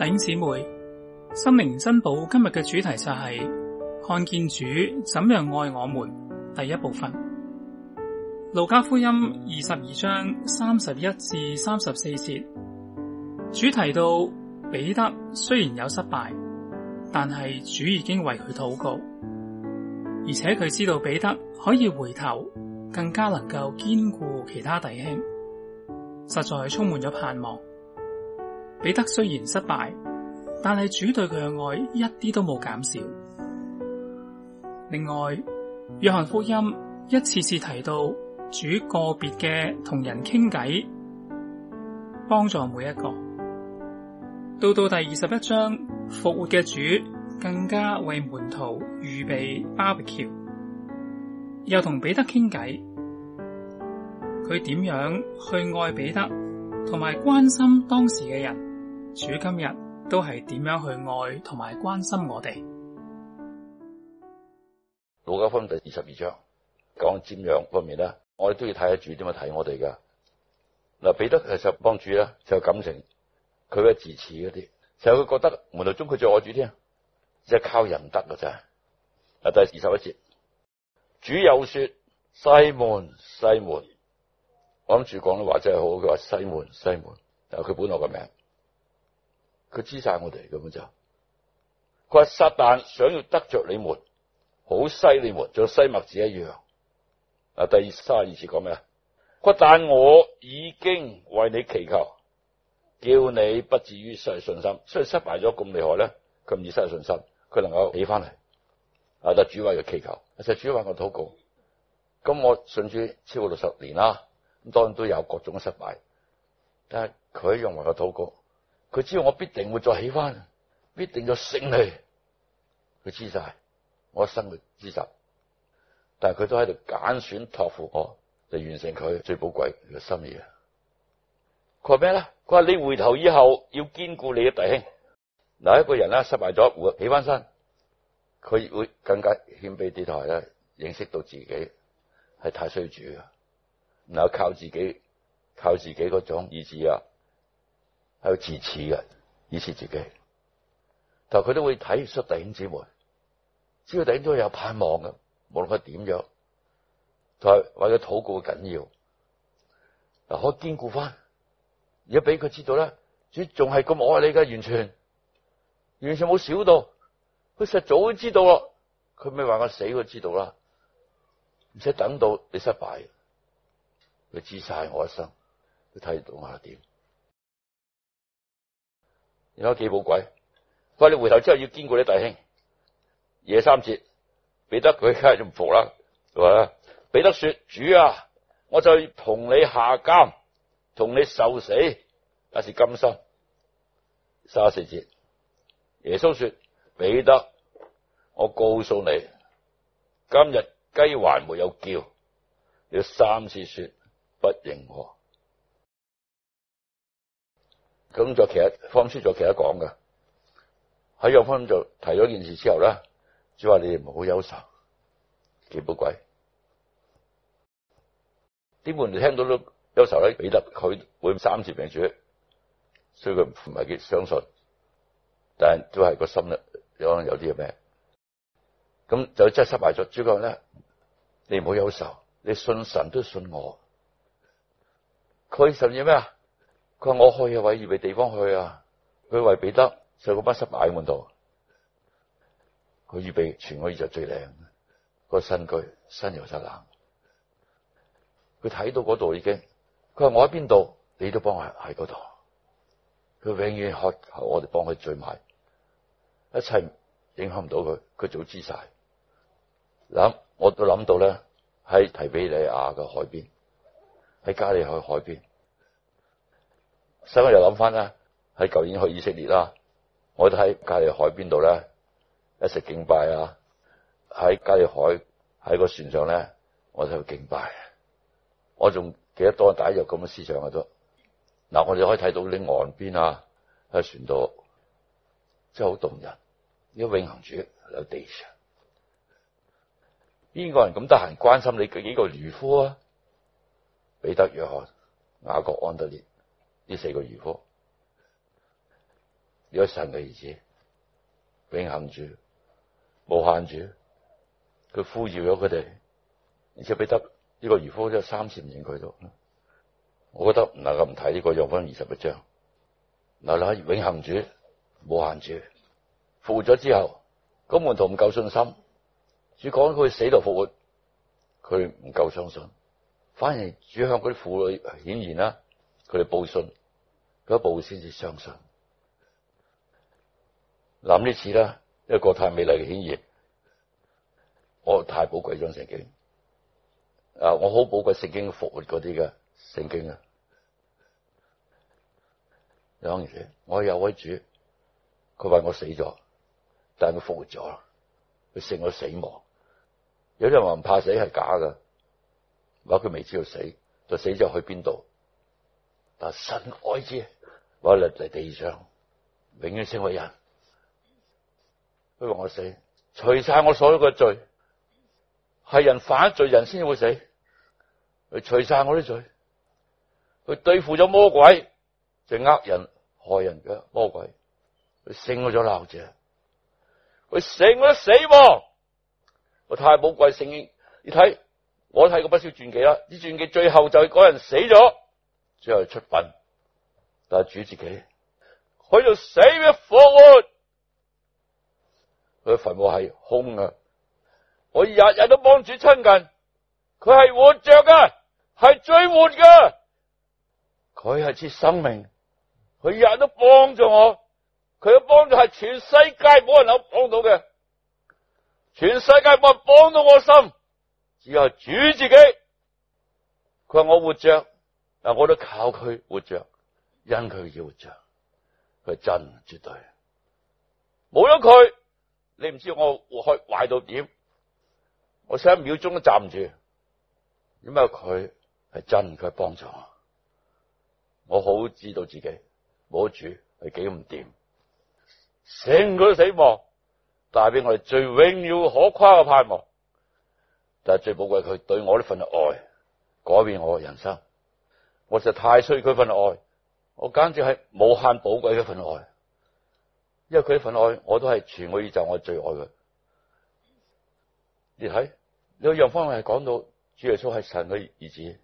弟兄姊妹，心靈珍寶，今日嘅主題就係看見主怎樣愛我們，第一部分。路加福音二十二章三十一至三十四節，主提到彼得雖然有失敗，但係主已經為佢禱告，而且佢知道彼得可以回頭，更加能夠堅固其他弟兄，實在係充滿咗盼望。彼得雖然失敗，但係主對佢嘅愛一啲都冇減少。另外，約翰福音一次次提到主個別嘅同人傾偈，幫助每一個。到到第二十一章復活嘅主更加為門徒預備 BBQ，又同彼得傾偈，佢點樣去愛彼得，同埋關心當時嘅人。主今日都係點樣去愛同埋關心我哋？路加福音第二十二章講占養方面咧，我哋都要睇下主點樣睇我哋噶。嗱，彼得其實幫主咧，就是、感情佢嘅自恃嗰啲，就佢、是、覺得門徒中佢最愛主添，即係靠人得㗎咋。嗱，第二十一節，主又說：西門，西門，我諗住講啲話真係好。佢話西門，西門，佢本來個名。佢知晒我哋咁樣就，佢話撒但想要得着你們，好篩你們，像篩麥子一樣。啊，第三十二節講咩啊？但我已經為你祈求，叫你不至於失去信心。雖然失敗咗咁厲害咧，佢唔易失去信心，佢能夠起翻嚟。啊，就主話嘅祈求，就是、主話嘅禱告。咁我信主超過六十年啦，咁當然都有各種失敗，但係佢用埋個禱告。佢知道我必定會再起翻，必定再勝利。佢知晒我生活之識，但係佢都喺度揀選託付我，嚟完成佢最寶貴嘅心意。佢話咩咧？佢話你回頭以後要堅固你嘅弟兄。嗱，一個人咧失敗咗，會起翻身，佢會更加謙卑啲，同埋咧認識到自己係太衰主啊！然後靠自己，靠自己嗰種意志啊！喺度自恃嘅，以是自己，但係佢都會睇出弟兄姊妹，知道弟兄姊妹有盼望嘅，無論佢點樣，就係為咗禱告緊要，嗱可以堅固翻，而家俾佢知道咧，仲係咁主愛你而家完全完全冇少到，佢實早都知道啦，佢咪話我死，佢知道啦，唔使等到你失敗，佢知晒我一生，佢睇到我點。你諗幾寶貴？喂你回頭之後要兼顧啲弟兄，耶三節，彼得佢梗係就唔服啦，係嘛？彼得說：主啊，我就同你下監，同你受死，但是今生三四節，耶穌說：彼得，我告訴你，今日雞還沒有叫，要三次說不認我。咁就其他放出在其他講㗎。喺有方就提咗件事之後咧，主話你哋唔好憂愁，幾寶貴，啲門聽到都憂愁咧，彼得佢會三次命主，所以佢唔係係幾相信，但係都係個心呢有可能有啲嘢咩？咁就真係失敗咗。主講咧，你唔好憂愁，你信神都信我，佢神嘅咩啊？佢話我去嘅位預備地方去啊，佢為彼得上個巴濕雅門度，佢預備全個宇宙最靚、嗰個新居，新耶路撒冷。佢睇到嗰度已經，佢話我喺邊度，你都幫我喺嗰度。佢永遠渴求,求我哋幫佢聚埋，一切影響唔到佢，佢早知晒。諗我都諗到咧，喺提比利亞嘅海邊，喺加利利海邊。所以我又諗翻啦，喺舊年去以色列啦，我都喺加利海邊度咧，一直敬拜啊，喺加利海喺個船上咧，我喺度敬拜，啊。我仲記得多當日咁嘅思想嘅多。嗱，我哋可以睇到你岸邊啊，喺船度，真係好動人。因為永恒主喺地上，邊個人咁得閒關心你幾幾個漁夫啊？彼得、約翰、雅各、安德烈。呢四個漁夫，有神嘅兒子，永恆主，無限主。佢呼召咗佢哋，而且彼得呢個漁夫都有三十年佢度，我覺得唔能夠，唔睇呢個用翻二十一章。嗱嗱永恆主，無限主。復活咗之後，門徒唔夠信心，主講佢死度復活，佢唔夠相信，反而主向嗰啲婦女顯現啦，佢哋報信。嗰一步先至相信。諗呢次啦，一個太美麗嘅顯現，我太寶貴張聖經，啊，我好寶貴聖經復活嗰啲嘅聖經啊。你講我有位主，佢話我死咗，但係佢復活咗，佢勝咗死亡。有人話唔怕死係假噶，話佢未知道死，就死咗去邊度？但神愛之，我立嚟，地上，永遠成為人。佢話我死，除晒我所有嘅罪，係人犯罪，人先會死。佢除晒我啲罪，佢對付咗魔鬼，就呃人害人嘅魔鬼，佢勝咗鬧者，佢勝咗死亡。我太寶貴，聖經。你睇，我睇過不少傳記啦，啲傳記最後就係嗰人死咗。最後出殯，但係主自己佢就死咗復活，佢墳墓係空㗎！我日日都幫住親近，佢係活着嘅，係最活嘅。佢係切生命，佢日日都幫助我，佢嘅幫助係全世界冇人肯幫到嘅，全世界冇人幫到我心。只有主自己，佢話我活着。但我都靠佢活着，因佢而活着，佢真絕對冇咗佢，你唔知我活開壞到點。我一秒鐘都站唔住，點解佢係真，佢幫助我，我好知道自己冇主係幾唔掂，醒佢死亡帶俾我哋最榮耀、可誇嘅盼望，但係最寶貴佢對我呢份愛改變我嘅人生。我實太需要佢份愛，我簡直係無限寶貴嘅份愛，因為佢份愛，我都係全個宇宙我最愛嘅。你睇，約翰福音係講到主耶穌係神嘅兒子，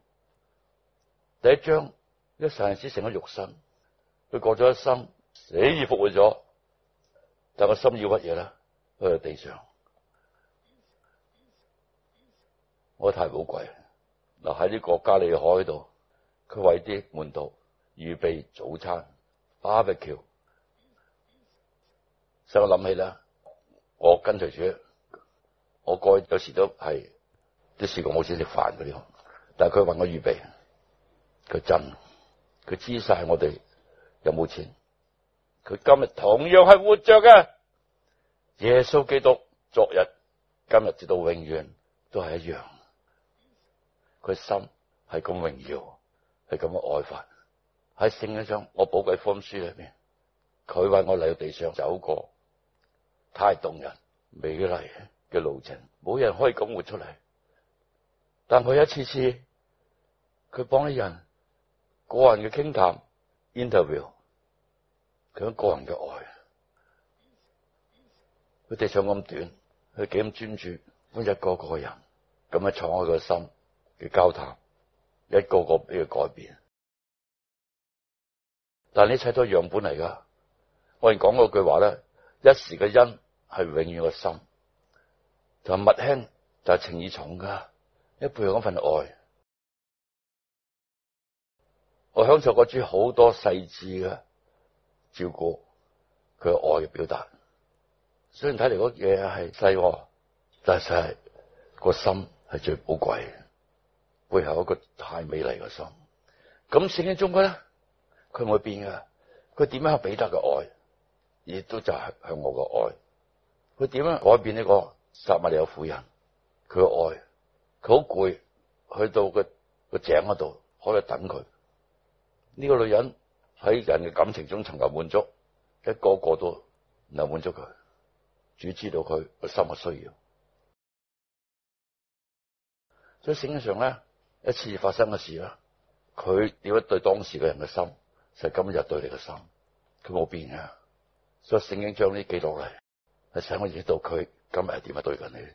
第一章，呢神子成咗肉身，佢過咗一生，死而復活咗，但係個心要乜嘢咧？喺地上，我太寶貴。嗱，喺呢個加利海度。佢為啲門徒預備早餐，barbecue，使我諗起啦。我跟隨主，我過去有時都係都試過冇錢食飯嗰啲，但係佢問我預備，佢真，佢知晒我哋有冇錢。佢今日同樣係活着嘅，耶穌基督，昨日、今日直到永遠都係一樣。佢心係咁榮耀。係咁嘅愛法喺聖經上，在聖一張我寶貴方書裏邊，佢話我嚟到地上走過，太動人美麗嘅路程，冇人可以咁活出嚟。但佢一次次，佢幫人，人的傾談，一個人嘅傾談、interview，佢個人嘅愛，佢地上咁短，佢幾咁專注，每一個個人咁樣敞開個心嘅交談。一個一個俾佢改變，但係呢一切都係樣本嚟噶。我哋講過句話咧，一時嘅恩係永遠嘅心，就係物輕，就係情意重噶。一培養嗰份愛，我享受個主好多細緻嘅照顧，佢愛嘅表達。雖然睇嚟嗰嘢係細，但係，嗰個心係最寶貴。背後一個太美麗嘅心，咁聖經中邊咧，佢唔會變噶，佢點樣俾得嘅愛，亦都就係向我嘅愛。佢點樣改變呢個撒瑪利亞婦人？佢嘅愛，佢好攰，去到個個井嗰度，可以等佢。呢、這個女人喺人嘅感情中尋求滿足，一個個都能夠滿足佢。主知道佢個心嘅需要。所以聖經上咧。一次發生嘅事啦，佢點樣對當時嘅人嘅心，就係今日對你嘅心，佢冇變啊，所以聖經將呢記錄嚟，使我可以知道佢今日係點樣對緊你。